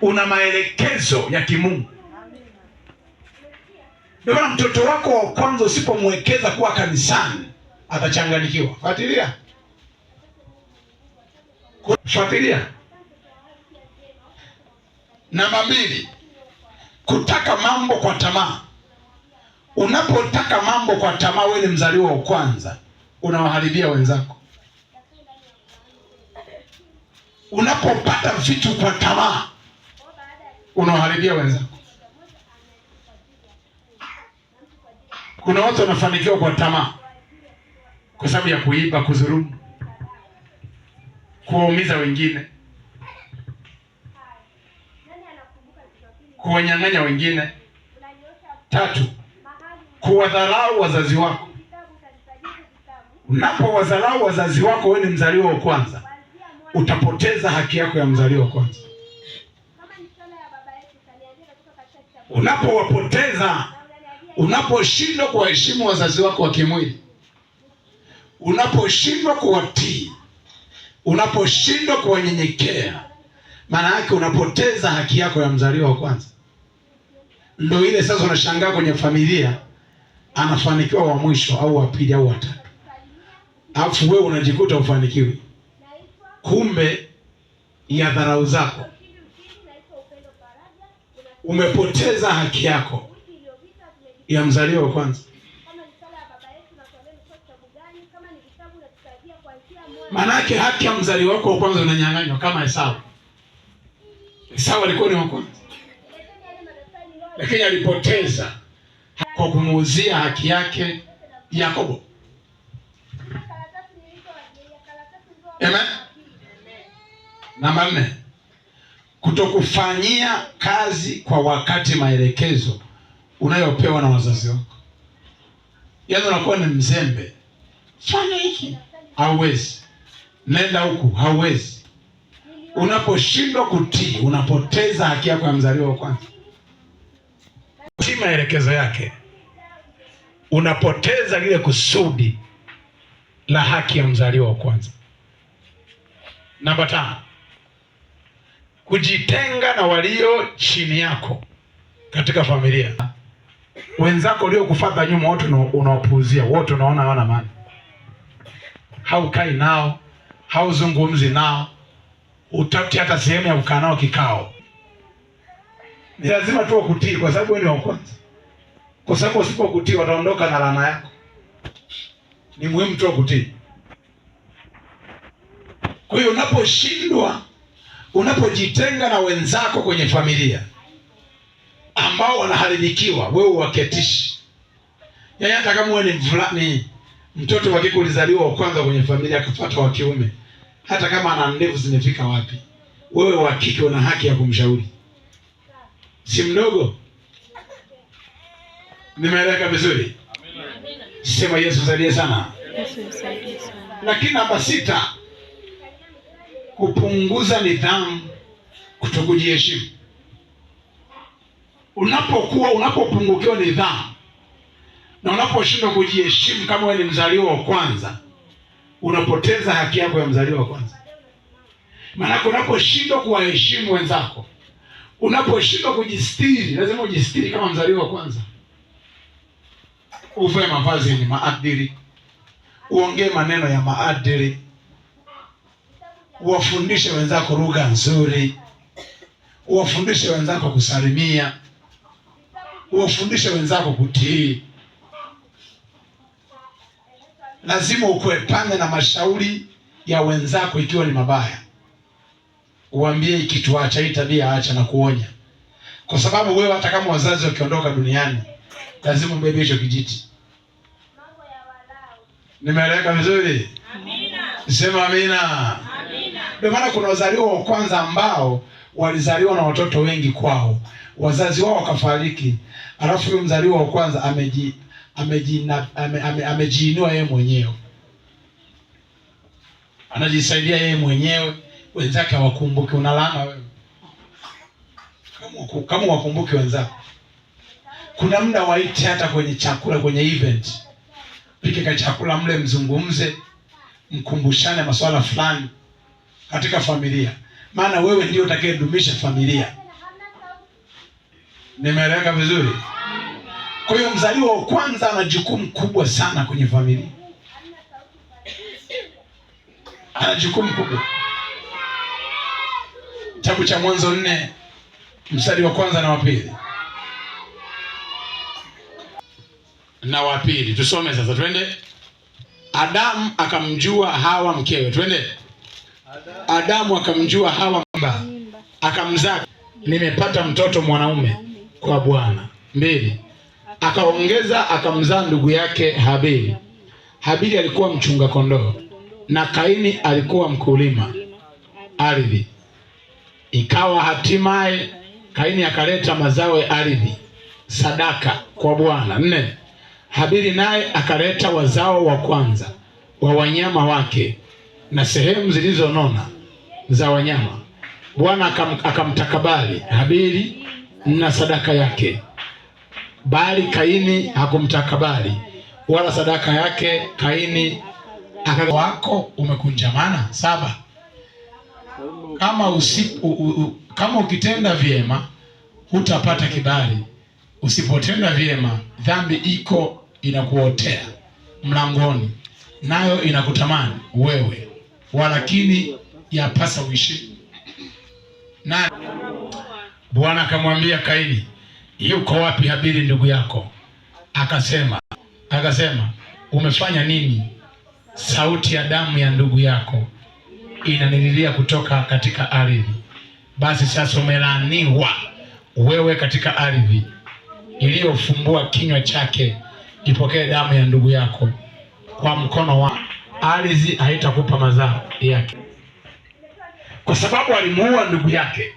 una maelekezo ya kimungu. Ndio maana mtoto wako wa kwanza usipomwekeza kuwa kanisani atachanganyikiwa. Fuatilia, fuatilia. Namba mbili, kutaka mambo kwa tamaa. Unapotaka mambo kwa tamaa, wewe ni mzaliwa wa kwanza, unawaharibia wenzako. unapopata vitu kwa tamaa, unawaharibia wenzako. Kuna watu wanafanikiwa kwa tamaa, kwa sababu ya kuiba, kudhulumu, kuwaumiza wengine, kuwanyang'anya wengine. Tatu, kuwadharau wazazi wako. Unapowadharau wazazi wako, wewe ni mzaliwa wa kwanza utapoteza haki yako ya mzaliwa kwanza. Unapowapoteza, unaposhindwa kuwaheshimu wazazi wako wa kimwili, unaposhindwa kuwatii, unaposhindwa kuwanyenyekea, maana yake unapoteza haki yako ya mzaliwa wa kwanza. Ndio ile sasa, unashangaa kwenye familia anafanikiwa wa mwisho au wa pili au watatu, alafu wewe unajikuta ufanikiwi kumbe ya dharau zako umepoteza haki yako ya mzaliwa wa kwanza. Maanake haki ya mzaliwa wako wa kwanza unanyang'anywa, kama Esau. Esau alikuwa ni wa kwanza, lakini alipoteza kwa kumuuzia haki yake Yakobo. Amen. Namba nne, kutokufanyia kazi kwa wakati maelekezo unayopewa na wazazi wako. Yaani unakuwa ni mzembe, fanya hiki, hauwezi, nenda huku, hauwezi. Unaposhindwa kutii, unapoteza haki yako ya mzaliwa wa kwanza. Kutii maelekezo yake, unapoteza lile kusudi la haki ya mzaliwa wa kwanza. Namba tano kujitenga na walio chini yako katika familia. Wenzako uliokufuata nyuma wote unawapuuzia, wote unaona hawana maana, haukai nao, hauzungumzi nao, utafuti hata sehemu ya kukaa nao kikao. Ni lazima tu wakutii, kwa sababu wewe ni wa kwanza, kwa sababu usipokutii wataondoka na laana yako. Ni muhimu tu wakutii. Kwa hiyo unaposhindwa Unapojitenga na wenzako kwenye familia ambao wanaharibikiwa, wewe waketishi. Yaani hata kama wewe ni mvulani, mtoto wa kike ulizaliwa wa kwanza kwenye familia akafuata wa kiume, hata kama ana ndevu zimefika wapi, wewe wa kike una haki ya kumshauri, si mdogo. Nimeeleka vizuri? Sema Yesu saidie sana. Lakini namba sita kupunguza nidhamu, kutokujiheshimu. Unapokuwa unapopungukiwa nidhamu na unaposhindwa kujiheshimu, kama wewe ni mzaliwa wa kwanza, unapoteza haki yako ya mzaliwa wa kwanza. Maanake unaposhindwa kuwaheshimu wenzako, unaposhindwa kujistiri, lazima ujistiri kama mzaliwa wa kwanza, uvae mavazi yenye maadili, uongee maneno ya maadili uwafundishe wenzako lugha nzuri, uwafundishe wenzako kusalimia, uwafundishe wenzako kutii. Lazima ukuepane na mashauri ya wenzako ikiwa ni mabaya, uambie ikituacha hii tabia, acha na kuonya, kwa sababu wewe hata kama wazazi wakiondoka duniani lazima ubebe hicho kijiti. nimeeleka vizuri? Amina. Sema amina. Ndio maana kuna wazaliwa wa kwanza ambao walizaliwa na watoto wengi kwao, wazazi wao wakafariki, alafu huyo mzaliwa wa kwanza ameji amejiinua ame, ame, ame yeye mwenyewe, anajisaidia yeye mwenyewe, wenzake hawakumbuki. Unalana wewe kama kama wakumbuki wenzako. Kuna muda waite hata kwenye chakula, kwenye event, pike ka chakula mle, mzungumze, mkumbushane masuala fulani katika familia, maana wewe ndio utakayedumisha familia. Nimeeleweka vizuri? Kwa hiyo mzaliwa wa kwanza ana jukumu kubwa sana kwenye familia, ana jukumu kubwa. Kitabu cha Mwanzo nne mstari wa kwanza na wa pili na wa pili, tusome sasa, twende. Adamu akamjua Hawa mkewe, twende Adamu akamjua Hawa mba akamzaa, nimepata mtoto mwanaume kwa Bwana. Mbili, akaongeza akamzaa ndugu yake Habili. Habili alikuwa mchunga kondoo na Kaini alikuwa mkulima ardhi. Ikawa hatimaye Kaini akaleta mazao ya ardhi sadaka kwa Bwana. Nne, Habili naye akaleta wazao wa kwanza wa wanyama wake na sehemu zilizonona za wanyama. Bwana akam, akamtakabali Habili na sadaka yake, bali Kaini hakumtakabali wala sadaka yake. Kaini akaga wako umekunjamana saba. Kama, usipu, u, u, kama ukitenda vyema hutapata kibali, usipotenda vyema dhambi iko inakuotea mlangoni, nayo inakutamani wewe walakini yapasa uishi Nani? Bwana akamwambia Kaini, yuko wapi Habili ndugu yako? Akasema akasema umefanya nini? Sauti ya damu ya ndugu yako inanililia kutoka katika ardhi. Basi sasa umelaaniwa wewe katika ardhi iliyofumbua kinywa chake, ipokee damu ya ndugu yako kwa mkono wako ardhi haitakupa mazao yake, kwa sababu alimuua ndugu yake.